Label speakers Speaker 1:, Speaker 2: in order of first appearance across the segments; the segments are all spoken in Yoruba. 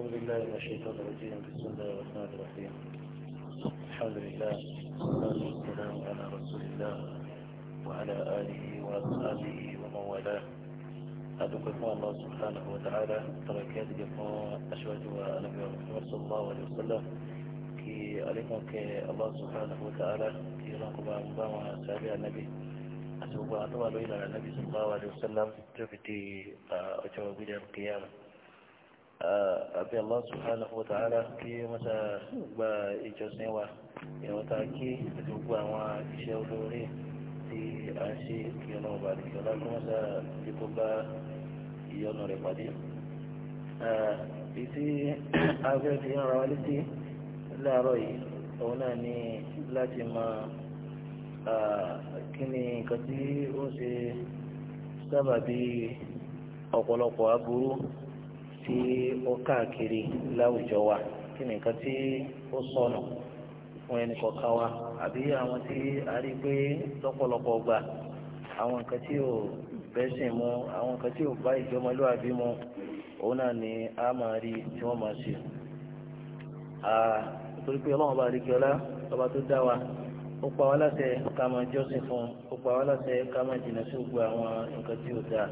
Speaker 1: أعوذ بالله من الشيطان الرجيم بسم الله الرحمن الرحيم الحمد لله والصلاة والسلام على رسول الله وعلى آله وأصحابه ومن والاه أدعوكم الله سبحانه وتعالى تركات جفا أشواج ونبي محمد صلى الله عليه وسلم كي أليكم الله سبحانه وتعالى كي رقب أمضام سابع النبي أسوأ أطوال إلى النبي صلى الله عليه وسلم تفتي أجواب آه، إلى القيامة àbí Allah subhanahu wa ta'ala kí wọ́n ta gba ìjọsìn wa ìwọ̀n ta kí àti gbogbo àwọn iṣẹ́ olóore tí a ń ṣe kí ọ̀nà ọba àti ìjọba kí wọ́n ta ti kó bá ìyọnu rẹ̀ pàdé. ìtí afẹ́ fi ń ra wa létí láàárọ̀ yìí òun náà ní láti mọ kí ni nǹkan tí ó ṣe sábàbí ọ̀pọ̀lọpọ̀ aburú tí ó káàkiri láwùjọ wa kí ni nǹkan tí ó sọnù fún ẹnì kọ̀ọ̀kan wa àbí àwọn tí a rí pé lọ́pọ̀lọpọ̀ gbà àwọn nǹkan tí ò bẹ́sìn mu àwọn nǹkan tí ò bá ìjọmọlúwàbí mu òun náà ni a máa rí tí wọ́n máa ṣe. nítorí pé ọlọ́run bá rí kíọ́lá ọba tó dá wa ó pa wá láṣẹ ká máa jọ́sìn fún un ó pa wá láṣẹ ká máa jìnnà sí gbogbo àwọn nǹkan tí ò dáa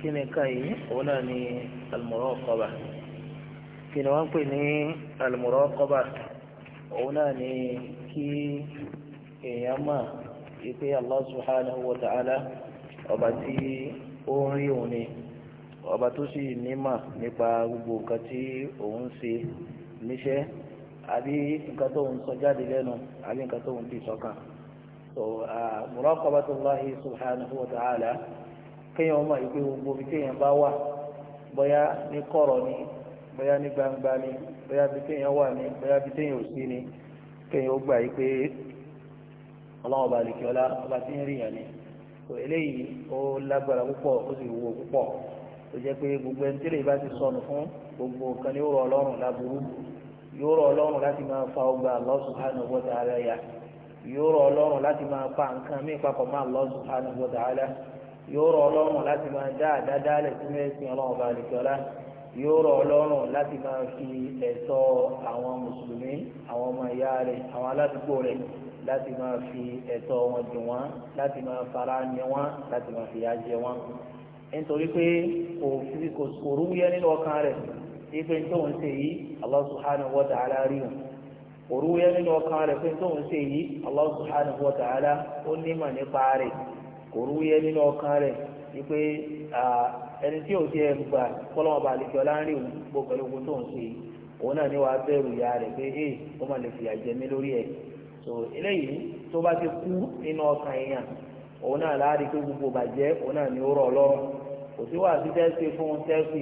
Speaker 1: kí ni ká yìí òun náà ni al-muraqaba kí ni wọ́n ń pè ní al-muraqaba òun náà ni kí èèyàn mọ̀ wípé Allah subhanahu wa ta'ala ọba tí ó ń rí òun ni ọba tó sì nímọ̀ nípa gbogbo nǹkan tí òun ṣe níṣẹ́ àbí nǹkan tó ń sọ jáde lẹ́nu àbí nǹkan tó ń fi sọ́kàn so muraqabatullahi subhanahu wa ta'ala. kéèyàn ọmọ ìpè gbogbo bí kéèyàn bá wà bóyá ní kọ̀rọ̀ ni bóyá ní gbangba
Speaker 2: ni bóyá bí kéèyàn wà ni bóyá bí kéèyàn ò sí ni kéèyàn ó gbà yí pé ọlọ́run ọba tí ń ni eléyìí ó lágbára púpọ̀ ó sì wúwo púpọ̀ jẹ́ pé gbogbo ẹni tẹ́lẹ̀ bá ti sọnù fún gbogbo nǹkan ní ọlọ́run láburú yóò rọ ọlọ́run láti máa fa ọgbà yóò rọ ọlọ́run láti máa fa nǹkan mí yóò rọ̀ ọlọ́run láti máa dá àdádálẹ̀ sínú ẹ̀sìn ọlọ́run ọba àlejòọ́lá yóò rọ̀ ọlọ́run láti máa fi
Speaker 1: ẹ̀tọ́ àwọn mùsùlùmí àwọn ọmọ ìyá rẹ̀ àwọn aládùúgbò rẹ̀ láti máa fi ẹ̀tọ́ wọn dùn wọ́n láti máa fara ní wọ́n láti máa fìyà jẹ wọ́n
Speaker 2: nítorí pé kò rúwúyẹ́ nínú ọkàn rẹ̀ ife tó ń ṣe yìí Allah subhanahu wa ta'ala rí wọn kò rúwúyẹ́ nínú ọkàn rẹ̀ pé tó ń ṣe yìí Allah subhanahu wa ta'ala ó nímọ̀ nípa kò rúwúyẹ́ nínú ọkàn rẹ̀ wípé ẹni tí ò tiẹ̀ gbà kọ́lọ́mọba àlejò ọláńrí òun gbogbo pẹ̀lú ogun tó ń ṣe òun náà ni wàá bẹ̀rù ìyá rẹ̀ pé ẹ ó mà lè fi lórí so eléyìí tó bá ti kú nínú ọkàn èèyàn òun náà láàárín pé gbogbo bàjẹ́ òun náà ni ó kò sí wàá tẹ́sí fún tẹ́sí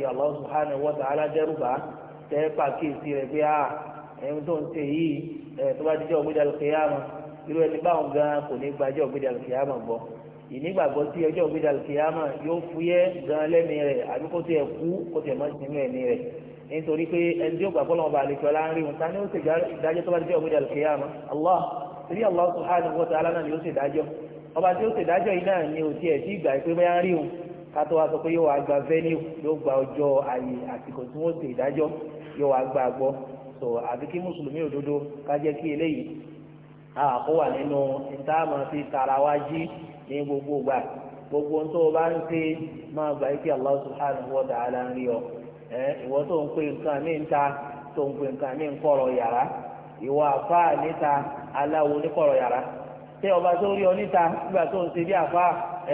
Speaker 2: tẹ́ pàkíyèsí pé ẹni tó ń ṣe yìí tó bá ti jẹ́ ìnígbàgbọ́ tí ọjọ́ ògbéjà kìámà yóò fúyẹ́ gan lẹ́mi rẹ̀ àbí kó tiẹ̀ kú kó tiẹ̀ mọ́ sínú ẹ̀mí rẹ̀ nítorí pé ẹni tí ó gbàgbọ́ lọ́wọ́ bá àlejò ọlá ń rí wọn ta ni ó ṣe ìdájọ́ tó bá jẹ́ ògbéjà kìámà Allah torí Allah subhanahu wa ta'ala náà ni ó ṣe ìdájọ́ ọba tí ó ṣe ìdájọ́ yìí náà ni ò tiẹ̀ sí ìgbà pé bá ń rí wọn ká tó wá sọ pé yóò wá gba venue yóò gba ọjọ́ àyè àsìkò tí wọ́n ṣe ìdájọ́ yóò wá gbàgbọ́ so àbí kí mùsùlùmí òdodo àkó wà nínú ìtààmù fi tara ní gbogbo gbà gbogbo tó o bá ń ṣe máa gbà kí Allah subhanahu wa ta'ala ń rí ọ ẹ ìwọ tó ń pè nǹkan mí ń ta tó ń pè nǹkan mí ń kọ̀rọ̀ yàrá ìwọ àfa níta aláwo ní kọ̀rọ̀ yàrá tẹ ọba tó rí ọ níta nígbà tó ń ṣe bí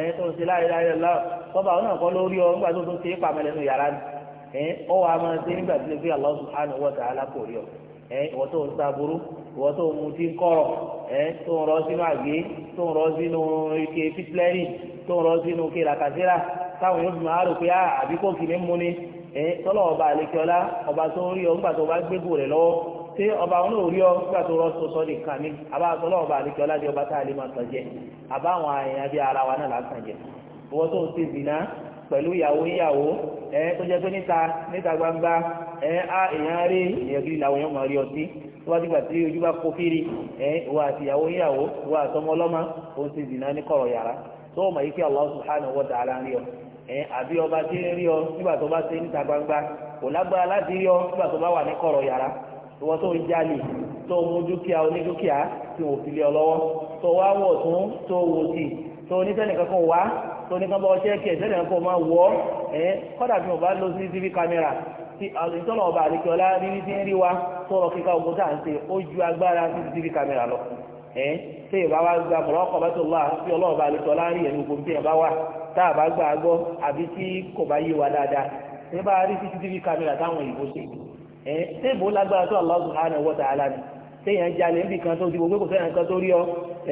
Speaker 2: ẹ tó ń ṣe láyé ọ náà ọ nígbà tó ń ṣe é yàrá ọ wà á máa ṣe nígbà tó ẹ tó ń saburú ìwọ tó ń mutí kọ̀rọ̀ ẹ tó ń rọ sínú àgbé tó ń rọ sínú ike pípẹ́rì tó ń rọ sínú ike làkàtìrà yóò fi máa rò pé ah, àbí kò kì ní ni ọba àlekíọ́lá ọba tó ń rí ọ nígbà tó bá gbégbó rẹ̀ ọba rí ọ nígbà tó rọ sọsọ ọba àlekíọ́lá di ọba tá a lè máa jẹ àbá àwọn àyàn bíi ara wa náà ẹ á rí èèyàn kiri làwọn máa rí ọtí tí ojú bá kó wà àti ìyàwó wà àtọmọ ọlọ́mọ ó ní kọ̀rọ̀ yàrá tó o mọ̀ yìí kí ọ àbí ọba tí ọ nígbà tó bá ṣe gbangba kò lágbára láti rí ọ nígbà tó bá wà ní kọ̀rọ̀ yàrá ìwọ tó ń jalè tó mú dúkìá ọ lọ́wọ́ tó wá wọ̀ tún tó wò sí tó tí àlùsọ́lọ̀ ọba àlekíọ́lá rírí tí ń rí wa sọ̀rọ̀ kíkà ogun tá à ń ṣe ó ju agbára cctv camera lọ ẹ̀ tí ìbá wa gba mọ̀rọ̀ ọkọ̀ bá tó wà tí rí ẹ̀mí ogun tí ẹ̀ bá wà tá bá gbà gbọ́ àbí tí kò bá yé wa dáadáa ní bá rí cctv camera táwọn ìbò ṣe ẹ̀ tí ìbò lágbára tó Allah subhanahu wa ta'ala ni téèyàn jalè níbi kan tó ti gbogbo kò sẹ́yìn kan tó rí ọ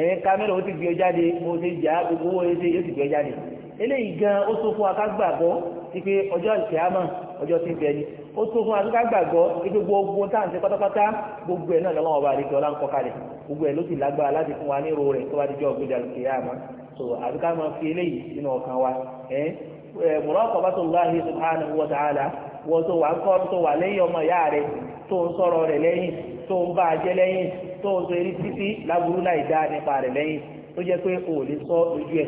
Speaker 2: ẹ̀yìn kámẹ́rà ó ti gbé ọ jáde mo ti jà gbogbo owó ẹ̀ ṣe yóò ti gbé ọ jáde eléyìí gan ó tó fún akágbàgbọ́ ti pé ọjọ́ ìṣẹ́ àmọ́ ọjọ́ tí ń bẹ ni ó tó fún adúgbà gbàgbọ́ ibi gbogbo tá à ń ṣe pátápátá gbogbo ẹ̀ náà lọ́wọ́ ọba àdìgbò ọlá ń kọ́ kalẹ̀ gbogbo ẹ̀ ló sì lágbára láti fún wa ní ro rẹ̀ tó bá dijọ́ ògbéjà lókè yá àmọ́ so àdúgbà máa fi eléyìí nínú ọkàn wa ẹ̀ muraqabatullahi subhanahu wa ta'ala wọ́n tó wà ń kọ́ tó wà lẹ́yìn ọmọ ìyá rẹ̀ tó ń sọ̀rọ̀ rẹ̀ lẹ́yìn tó ń bá a jẹ́ lẹ́yìn tó ń sọ eré títí láburú láì dáa nípa rẹ̀ lẹ́yìn tó pé o lè sọ ojú ẹ̀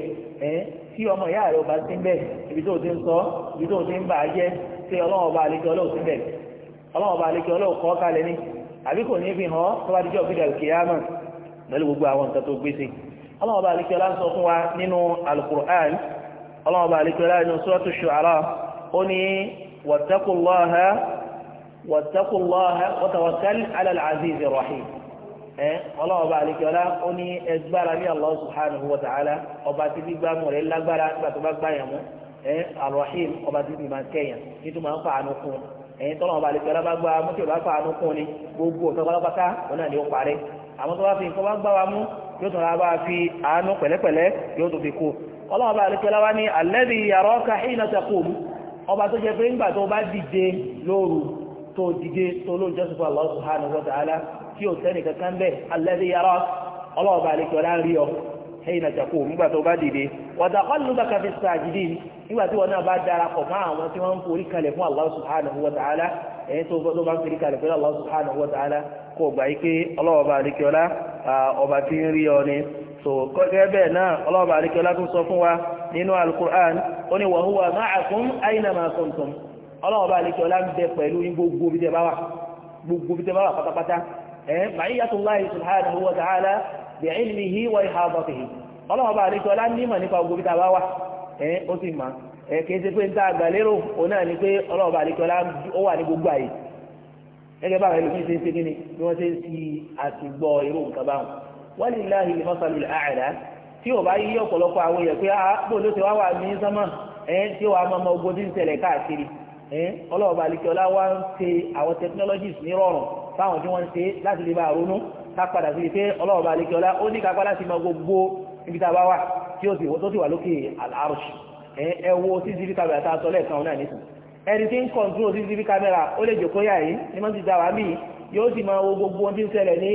Speaker 2: ẹ́ tí ọmọ ìyá rẹ̀ ọba sí ń bẹ̀ ibi tó ti ń sọ ibi tó ti ń bà á jẹ́ ṣe ọlọ́wọ́ bá àlejò ọlọ́wọ́ síbẹ̀ ọlọ́wọ́ bá àlejò ọlọ́wọ́ kọ́ kalẹ̀ ní àbí kò ní fi hàn tó bá dijọ́ fídà kìyàmà pẹ̀lú gbogbo àwọn nǹkan tó gbèsè ọlọ́wọ́ bá àlejò ọlá ń sọ fún wa nínú alukur'an ọlọ́wọ́ bá àlejò ọlá nínú suratu shu'ara ó ní wattaqullaha wattaqullaha wa ẹ eh, alọ́hìm ọba dídì ma ń kẹ́yàn nítorí máa ń fa àánú kún ẹ̀yin eh, tọ́lọ́ ọba àlejò alábàgbà o baa fa àánú kún ni gbogbo ọ̀tọ́ pátápátá òun náà ni ó parẹ́ àwọn tó bá fi nǹkan bá gbá wa mú yóò tún ra bá fi àánú pẹ̀lẹ́pẹ̀lẹ́ yóò tún fi kú àlejò ni yàrá ọba tó jẹ pé ńgbà tó bá dìde lóru tó dìde tó fún ẹ̀yìn na nígbà tó bá dìde wàtàkọ́lùbàkà fi sàjìdì nígbà tí wọn náà bá darapọ̀ mọ́ àwọn tí wọ́n ń forí fún Allah subhanahu wa ta'ala ẹ̀yìn tó bá ń forí kalẹ̀ fún Allah subhanahu wa a kò gbà yí pé ọlọ́ọ̀bà ọba tí ń ọ ni so kọ́kẹ́ bẹ́ẹ̀ náà ọlọ́ọ̀bà àríkẹ́ọ́lá tún sọ fún wa nínú alukur'an ó ní wa ọlọ́ọ̀bà ń bẹ pẹ̀lú gbogbo tẹ bá wà pátápátá ẹ̀ máa ta'ala bí ilmihi wa ihabatihi ọlọ́wọ́ bá rí tọ́lá nímọ̀ nípa ogun bíta bá wà ẹ̀ ó sì máa ẹ̀ kìí ṣe pé ń tá àgbàlérò òun náà ni pé ọlọ́wọ́ bá rí tọ́lá ó wà ní gbogbo àyè gẹ́gẹ́ bá rẹ̀ lómi ṣe ń ṣe kíni bí wọ́n ṣe ń fi àtìgbọ́ irú nǹkan báwọn walillahi al-masalul a'la tí ò bá yí ọ̀pọ̀lọpọ̀ àwọn èèyàn pé àpò ah, ló ti wá wà ní sánmà ẹ̀ẹ́n tí ó wà á máa ogun tí ń ṣẹlẹ̀ káàkiri ẹ̀ẹ́n ọlọ́wọ́ bá rí tọ́lá wá ń ṣe àwọn technologies nírọ̀rùn fáwọn tí wọ́n ń ṣe láti lè bá ronú kápadà sí pé ọlọ́ọ̀bá alékiọlá ó ní kápá láti mọ gbogbo ibi tá a bá wà tí ó ti wà lókè àlárùsì ẹ wo cctv camera tá a sọ lẹ́ẹ̀kan náà nìkan ẹni tí ń kọ̀ǹtúrò cctv camera ó lè jòkó yà yìí ni mọ́tì tá a wà mí yóò sì máa wo gbogbo ohun tí ń ṣẹlẹ̀ ní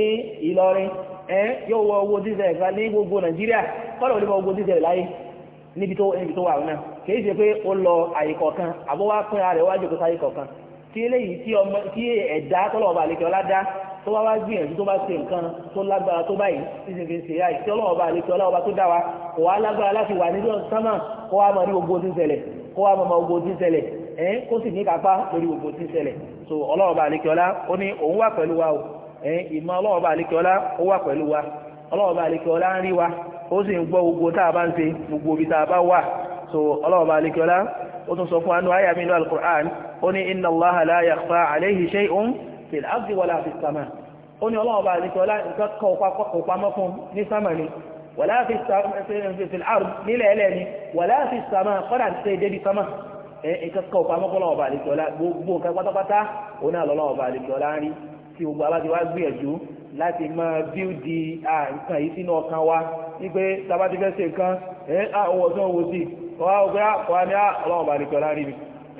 Speaker 2: Ìlọrin ẹ yóò wọ owó tí ń ṣẹlẹ̀ kan ní gbogbo Nàìjíríà kọ́lọ̀ ò ní mọ gbogbo tí ń ṣẹlẹ̀ láyé níbi tó níbi tó wà náà kì í ṣe pé ó lọ àyè kọ̀ọ̀kan àbó pín ara rẹ̀ wájú kó sáyé kọ̀ọ̀kan tí eléyìí tí ẹ̀dá tọ́lọ̀ ọba àlekẹ́ ọlá dá tó bá wá gbìyànjú tó bá ṣe nǹkan tó lágbára tó báyìí títí fi ṣe àìsí ọlọ́wọ́ bá àlejò ọlọ́wọ́ bá tó dá wa kò wá lágbára láti wà nílò sánmà kó wá mọ ní gbogbo tí ń kó wá mọ mọ gbogbo tí ń ẹ̀ kó sì ní kápá lórí gbogbo tí ń so ọlọ́wọ́ bá àlejò ọlá ó ní òun wà pẹ̀lú wa o ẹ̀ ìmọ̀ ọlọ́wọ́ bá àlejò ọlá ó wà pẹ̀lú wa ọlọ́wọ́ bá àlejò ọlá ń rí wa ó sì ń gbọ́ so ọlọ́wọ́ bá àlejò ọlá ó tún sọ fún anú àyàmínú al-Qur'an ó ní inna fil ardi wala fis sama ó ní ọlọ́run bá àdìsọ nǹkan kọ pamọ́ fún ní sámà ni wala fil ardi nílẹ̀ ẹlẹ́ ni wala fis sama kọ́dà ti ṣe débi sámà nǹkan kọ pamọ́ fún ọlọ́run bá àdìsọ gbogbo nǹkan pátápátá òun náà lọ́lọ́run bá àdìsọ láàrin tí gbogbo abájọ wá gbìyànjú láti máa bíúdi nǹkan yìí sínú ọkàn wa wípé tàbá ti fẹ́ ṣe nǹkan ẹ́ àwọ̀ tó ń wo sí ọwá ọgbẹ́ àkọ́wá ní ọlọ́ọ̀bà nìkan láàrin mi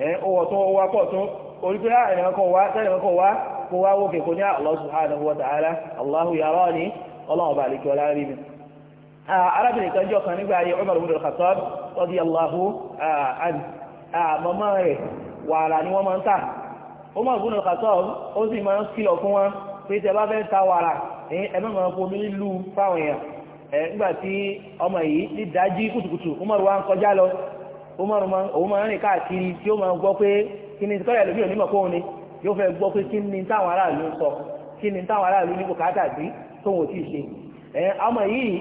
Speaker 2: ẹ́ ọwọ́ tó wá pọ̀ tó orí pé ẹ̀yàn wá sẹ́yìn wá kó wá wókè kó Allah subhanahu wa ta'ala Allahu yarani ọlọ́run ọba àlejò ọlá rí mi arábìnrin kan jọ kan Umar ibn al-Khattab radiyallahu ni wọ́n máa ń Umar ibn al-Khattab ó sì máa ń kìlọ̀ fún wọn pé tẹ bá fẹ́ ta wàrà ẹ mọ́ máa fomi lílu fáwọn èèyàn nígbàtí ọmọ wa ma yóò fẹ́ gbọ́ pé kí ni táwọn aráàlú sọ kí ni táwọn aráàlú ní bùkátà sí tó wọn ò ṣe ẹ̀ ọmọ yìí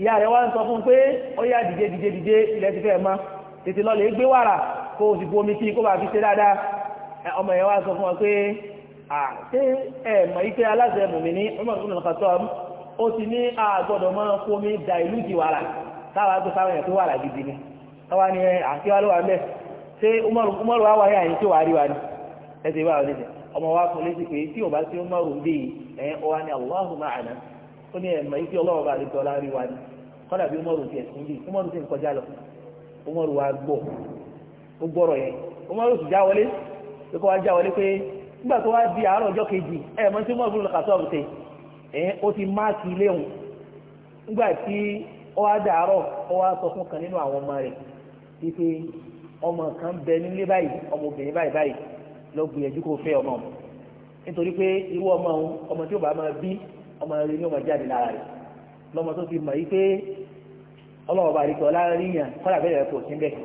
Speaker 2: ìyá rẹ̀ wá ń sọ fún pé ó yá dìde dìde dìde ilẹ̀ ti fẹ́ mọ́ tètè lọ gbé wàrà kó o sì bomi sí kó bá fi ṣe dáadáa ọmọ yẹn wá sọ fún wọn pé àti ẹ̀mọ̀ ike aláṣẹ mùmí ní ọmọ ìpínlẹ̀ kàtọ́ ó ti ní àgbọ̀dọ̀ mọ́ fomi da ìlú di wàrà táwọn àgbẹ̀ sáwọn yẹn pé wàrà gidi ni. ẹsẹ̀ ìwà àwọn ọmọ wa fún létí pé tí tí máa rùn bíi ọ wa ni Allahu ma'ana ó ní ẹ̀mọ ife ọlọ́wọ́ bá rí tọ́lá rí wa ni kọ́dà bí ó mọ̀rù tiẹ̀ fún bíi ó mọ̀rù tiẹ̀ kọjá lọ wa gbọ́ gbọ́rọ̀ yẹn já wọlé di àárọ̀ ọjọ́ kejì tí ti nígbà tí ó wá ó wá sọ fún kan nínú àwọn ọmọ rẹ̀ ọmọ kan bẹ nílé báyìí báyìí lọ gbìyànjú kó fẹ́ ọmọ òun nítorí pé irú ọmọ òun ọmọ tí ó bá máa bí ọmọ rẹ̀ ni ó máa jáde lára rẹ̀ lọ́mọ tó fi mọ̀ yí pé ọlọ́wọ́ bá rí kọ́ láríyàn kọ́lá bẹ́ẹ̀ rẹ̀ kò sí bẹ́ẹ̀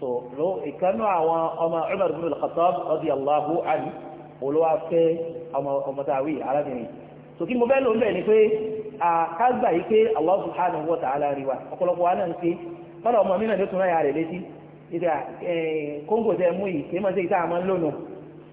Speaker 2: so lo ìkànnú àwọn ọmọ Umar bin al-Khattab radiyallahu anhu olówó afẹ́ ọmọ táwí arábìnrin so kí mo fẹ́ lò ń bẹ̀ ni pé àkágbà yìí pé Allah subhanahu wa ta'ala rí wa ọ̀pọ̀lọpọ̀ wa náà ń pé kọ́lá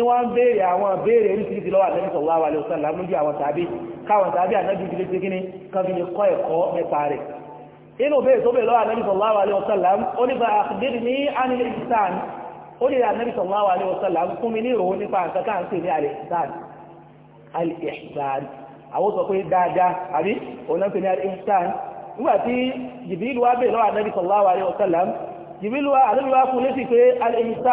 Speaker 2: ìwọ́n ń béèrè àwọn béèrè oríṣiríṣi lọ́wọ́ ànábì sallallahu alaihi wasallam mú bí àwọn tàbí káwọn tàbí ànábì ìdílé ti kíní kan fi lè kọ́ ẹ̀kọ́ nípa rẹ̀ inú béèrè tó béèrè lọ́wọ́ ànábì sallallahu alaihi wasallam ó nípa àkùdírí ní anil ihsan ó nílẹ̀ ànábì sallallahu alaihi wasallam fún mi ní ìròhún nípa nǹkan káà ń pè ní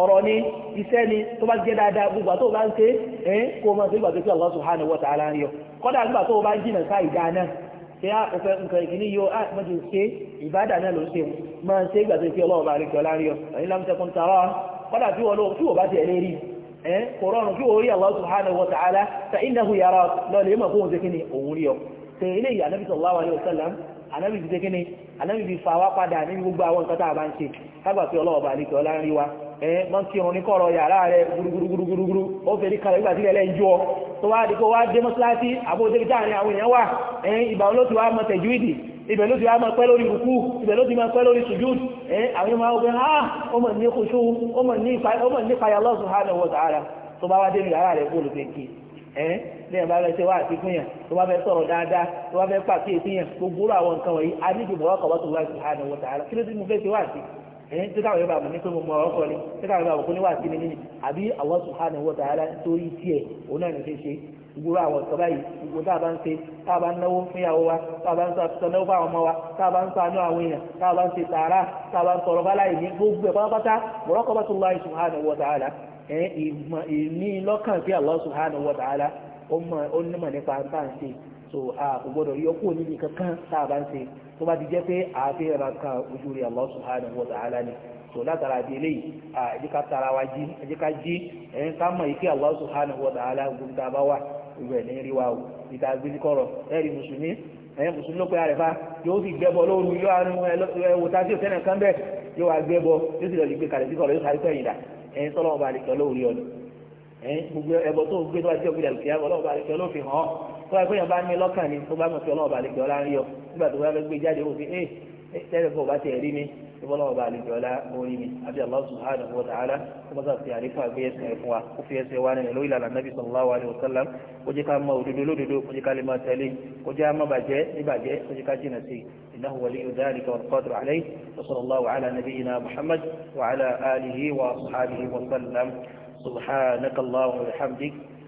Speaker 2: ọ̀rọ̀ ni iṣẹ́ ni tó bá jẹ́ dáadáa gbogbo àtó bá ń ṣe kó o máa ṣe gbàgbé sí Allah subhanahu wa ta'ala ń yọ kọ́dà nígbà tó o bá ń jìnà sá ìdá náà ṣé á ah, o fẹ́ nǹkan ìkíní yóò á mọ̀ jù ṣe ìbádà náà ló ṣe máa ṣe gbàgbé sí Allah bàrí kí ọlá ń yọ ẹ̀yin lámùsẹ̀kùn tààrà kọ́dà tí wọ́n lọ tí wọ́n bá tiẹ̀ lé wa ta'ala fa innahu yara lọ lè mọ̀ fóun ṣe kíni fi fa wá padà nínú gbogbo àwọn nǹkan wa ẹ máa ń kírun ní kọ̀rọ̀ yàrá rẹ gudugudugudugudu ó fẹ́rí kalẹ̀ nígbà tí ilẹ̀ jọ tó wá di kó wá dé mọ́sálásí àbójútó táàrin àwọn èèyàn wà ẹ ìgbà ló ti wá mọ tẹ̀júìdì ibẹ̀ ló ti wá mọ pẹ́ lórí kùkú ibẹ̀ ló ti mọ pẹ́ lórí sùjúd ẹ àwọn èèyàn máa wọ pé ha ah, ó Allah subhanahu wa ta'ala tó bá wá dé yàrá rẹ kó olùfẹ́ǹkì ẹ lẹ́yìn bá fẹ́ ṣe wá àti fúnyàn tó bá fẹ́ sọ̀rọ̀ dáadáa tó bá fẹ́ pàkíyèsí yàn gbogbo àwọn nǹkan ẹ̀yìn tí káwọn yóò bá ní pé mo mọ ọkọ ni tí káwọn yóò bá kó ní wà sí ni nínú àbí Allah subhanahu wa ta'ala torí tiẹ̀ òun náà ní ṣe ṣe gbogbo àwọn ọ̀sán báyìí gbogbo tá a bá ń ṣe tá a bá ń náwó fún ìyàwó wa tá bá ń sọ náwó fún àwọn ọmọ wa tá bá ń sọ àánú àwọn èèyàn tá bá ń ṣe tààrà tá bá ń sọ̀rọ̀ báláyìí ní gbogbo ẹ̀ pátápátá muraqabatullahi subhanahu wa ta'ala ẹ̀ ìmọ̀ ìní lọ́kàn sí Allah subhanahu wa ta'ala ó mọ̀ ó nímọ̀ nípa tá ń ṣe so a kò gbọdọ̀ yọ kúrò níbi kankan tá a bá ń tó bá ti jẹ́ pé àáfẹ́ ra ka ojú rẹ̀ Allah ni so látara di eléyìí a ẹ̀jẹ̀ ká tara wa jí ẹ̀jẹ̀ ká jí ẹ̀yìn ká mọ̀ yìí kí Allah gbogbo tá a bá wà ìwẹ̀ ní rí wa o ìta kọ̀rọ̀ mùsùlùmí ẹ̀yìn fa yóò gbẹ́bọ lóru yóò tó wáyé péyàn bá ní lọ́kàn ni tó bá mọ̀ sí ọlọ́ọ̀bà àlejò ọ̀la ń yọ nígbà tó bá fẹ́ gbé jáde òfin ẹ eh, eh, tẹ́lẹ̀ fún ọba tiẹ̀ rí mi ìbọn ọba àlejò ọ̀la orí mi àbí Allah subhanahu wa ta'ala tó bá sà sí àríkà gbé ẹsẹ̀ fún wa ó fi ẹsẹ̀ wa nílẹ̀ lórí ìlànà nàbì sallallahu alaihi wasallam kó
Speaker 1: kó jẹ́ ká lè